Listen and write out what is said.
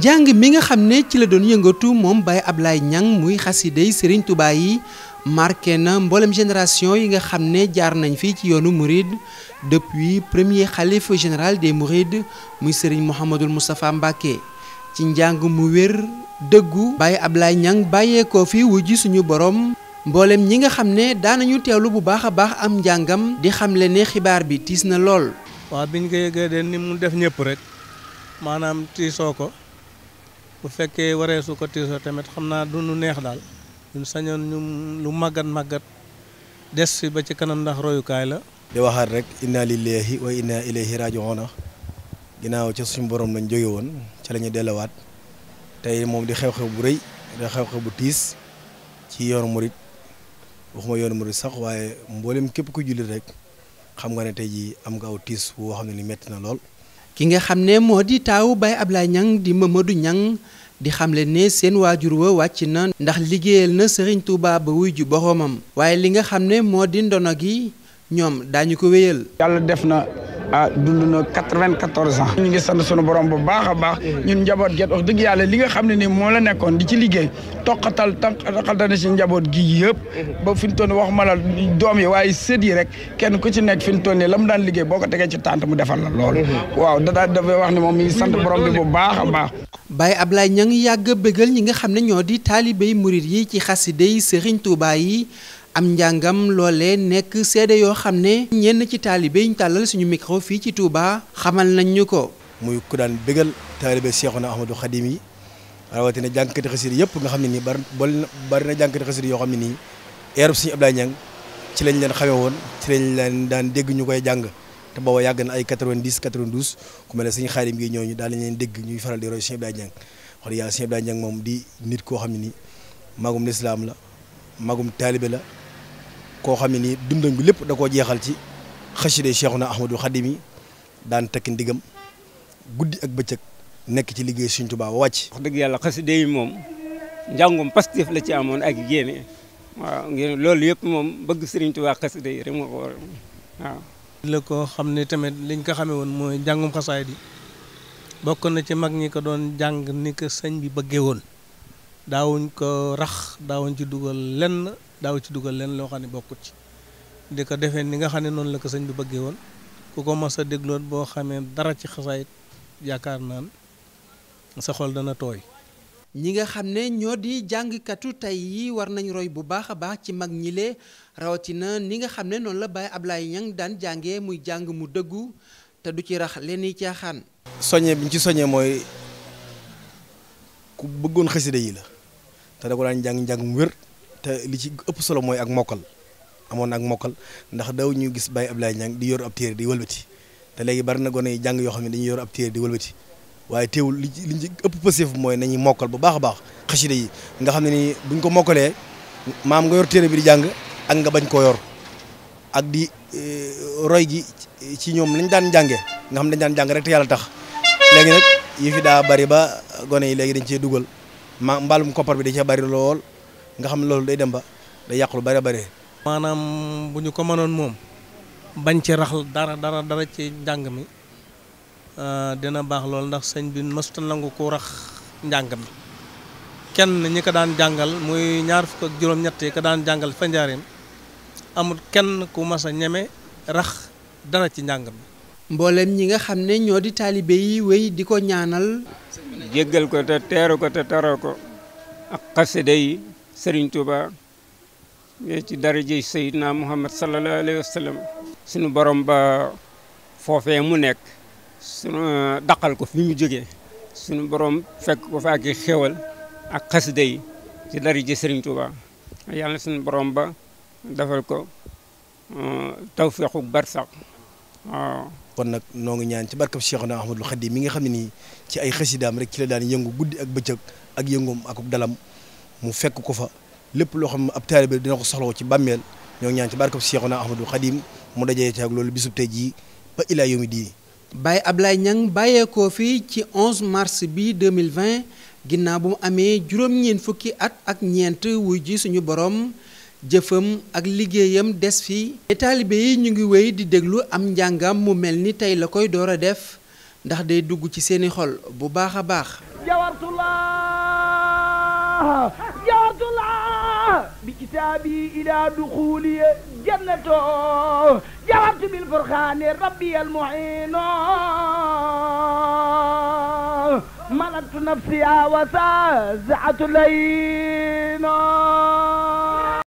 njàng mi nga xam ne ci la doon yëngatu moom Baye Ablaye Niang muy xasidey Serigne Touba yi marqué na mboolem génération yi nga xam ne jaar nañ fii ci yoonu Mouride depuis premier xalifa général des Mourides muy Serigne Mouhamadul Moustapha Mbacké ci njàng mu wér dëggu Baye Ablaye Niang bàyyeekoo fi wujj suñu borom mboolem ñi nga xam ne daanañu teewlu bu baax a baax am njàngam di xamle ne xibaar bi tiis na lool. waaw biñ ko yëgee de ni mu def ñëpp rek maanaam tiisoo ko. bu fekkee waree su ko tiisoo tamit xam naa du nu neex daal ñun sañoon ñu lu màggat màggat des fi ba ci kanam ndax royukaay la. di waxaat rek inna lillahi wa inna rajo raji'un ginnaaw ca suñu boroom lañ jóge woon ca la ñu delluwaat tey moom di xew-xew bu rëy di xew-xew bu tiis ci yoonu murit waxuma yoonu murit sax waaye mboolem képp ku jullit rek xam nga ne tey ji am nga aw tiis boo xam ne ni metti na lool. ki nga xam ne moo di taawu bay Ablaye Niang di Mamadou Niang di xamle ne seen waajur wa wàcc na ndax liggéeyal na Serigne Touba ba wuy ju boroomam waaye li nga xam ne moo di ndono gi ñoom daañu ko wéyal. yàlla def na ah dund na quatre-vingt-quatorze ans ñu ngi sant sunu borom bu baax a baax ñun njaboot get wax dëgg yàlla li nga xam ne ni moo la nekkoon di ci liggéey toqatal taqatal na si njaboot gi yëpp ba fi ñu toon waxuma la doom yi waaye sët yi rek kenn ku ci nekk fi ñu toon la mu daan liggéey boo ko tegee ci tànt mu defal la loolu waaw dadaa dafay wax ne moom mi ngi sant borom bi bu baax baax Baye Ablaye ña ngi yàgg a ñi nga xam ne ñoo di taalibe murit yi ci xaside yi Serigne Touba yi am njàngam loolee nekk seede yoo xam ne ñenn ci taalibe yi ñu tàllal suñu micro fii ci Touba xamal nañ ñu ko. muy ku daan bégal taalibe Seexuna Ahmadu Xadim yi rawatina jànkati xasir yëpp nga xam ne nii bari bari na jànkati xasir yoo xam ne nii eerub suñu Abdoulaye Niang ci lañ leen xamee woon ci lañ leen daan dégg ñu koy jàng te booba yàgg na ay 90 92 ku mel ne suñu xaarim gi ñooñu daan nañ leen dégg ñuy faral di roy suñu Abdoulaye Niang wax dëgg yàlla moom di nit koo xam ne nii magum lislaam la magum taalibe la koo xam ne nii dundam bi lépp da koo jeexal ci xaside Cheikhuna Ahmadou Khadim yi daan tekki ndigam guddi ak bëccëg nekk ci liggéey Sëriñ Tuubaa wàcc. wax dëgg yàlla xaside yi moom njàngum pastif la ci amoon ak yéene waaw ngeen loolu yëpp moom bëgg Sëriñ Tuubaa xaside yi rek moo ko war waaw. la koo xam ne tamit liñ ko xamee woon mooy njàngum xasaay di bokk na ci mag ñi ko doon jàng ni ko sëñ bi bëggee woon daawuñ ko rax daawuñ ci dugal lenn. daaw ci dugal leen loo xam ne bokkut ci di ko defee ni nga xam ne noonu la ko sëñ bi bëggee woon ku ko mas a dégloon boo xamee dara ci xasaayit yaakaar naan sa xol dana tooy ñi nga xam ne ñoo di jàngkatu tey yi war nañu roy bu baax a baax ci mag ñile rawatina ni nga xam ne noonu la Baye Ablaye Niang daan jàngee muy jàng mu dëggu te du ci rax leen yi caaxaan soñe bi ñu ci soñe mooy ku bëggoon xasida yi la te da ko daan jàng mu wér te li ci ëpp solo mooy ak mokkal amoon na ak mokkal ndax daw ñu gis ab Abdoulaye Niang di yor ab téere di wëlbati te léegi bari na gone yi jàng yoo xam ne dañuy yor ab téere di wëlbati waaye teewul li ci li ci ëpp pëseef mooy nañuy mokkal bu baax a baax xasida yi nga xam nii buñ ko mokkalee maam nga yor téere bi di jàng ak nga bañ koo yor ak di eh, roy gi ci ñoom lañ daan jàngee nga xam dañ daan jàng rek te yàlla tax léegi nag yi fi daa bari ba gone yi léegi dañ cee dugal ma mbaalum koppar bi da cee bari lool nga xam loolu day dem ba day yàq lu bare bare. maanaam bu ñu ko mënoon moom bañ ci raxal dara dara dara ci njàng mi euh, dina baax lool ndax sëñ bi mësuta nangu ko rax njàng mi kenn ñi ko daan jàngal muy ñaar fukk ak juróom daan jàngal fa njaareem amul kenn ku mas a ñeme rax dara ci njàng mi. mboolem ñi nga xam ne ñoo di taalibe yi wéy di ko ñaanal. jéggal ko te teeru ko te taroo ko ak xasida yi sëriñ Touba ci daraje Seydina Muhammad sallallahu alayhi wa sallam sunu borom ba foofee mu nekk sunu euh, daqal ko fi mu jóge sunu borom fekk ko fa ak xéwal ak xasida yi ci daraje sëriñ Touba yàlla sunu borom ba defal ko euh, tawféexu barsax waaw. kon nag noo ngi ñaan ci barkab Cheikhuna Ahmadul Khadim mi nga xam ne nii ci ay xasidaam rek ci la daan yëngu guddi ak bëccëg ak yëngoom ak dalam. mu fekk ko fa lépp loo xam ne ab taalibe dina ko soxlawoo ci bàmmeel ñoo ngi ñaan ci barkab Seexuna Ahmadul Xadim mu dajee ak loolu bisub tey jii ba ilaa yawmi diini Baye Ablaye Niang bàyyeekoo fi ci 11 mars bi 2020 ginnaaw bu mu amee juróom fukki at ak ñeent wuy ji suñu borom jëfam ak liggéeyam des fi taalibe ñu ngi wéy di déglu am njàngam mu mel ni tey la koy door a def ndax day dugg ci seeni xol bu baax a baax رجعت الله بكتابي إلى دخولي جنته جعلت بالفرخان ربي المعين ملكت نفسي وسازعت لينا